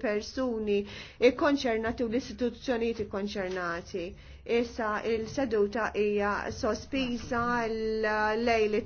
persuni ikkonċernati u l-istituzzjonijiet ikkonċernati. Issa il-seduta hija sospiża l-lejli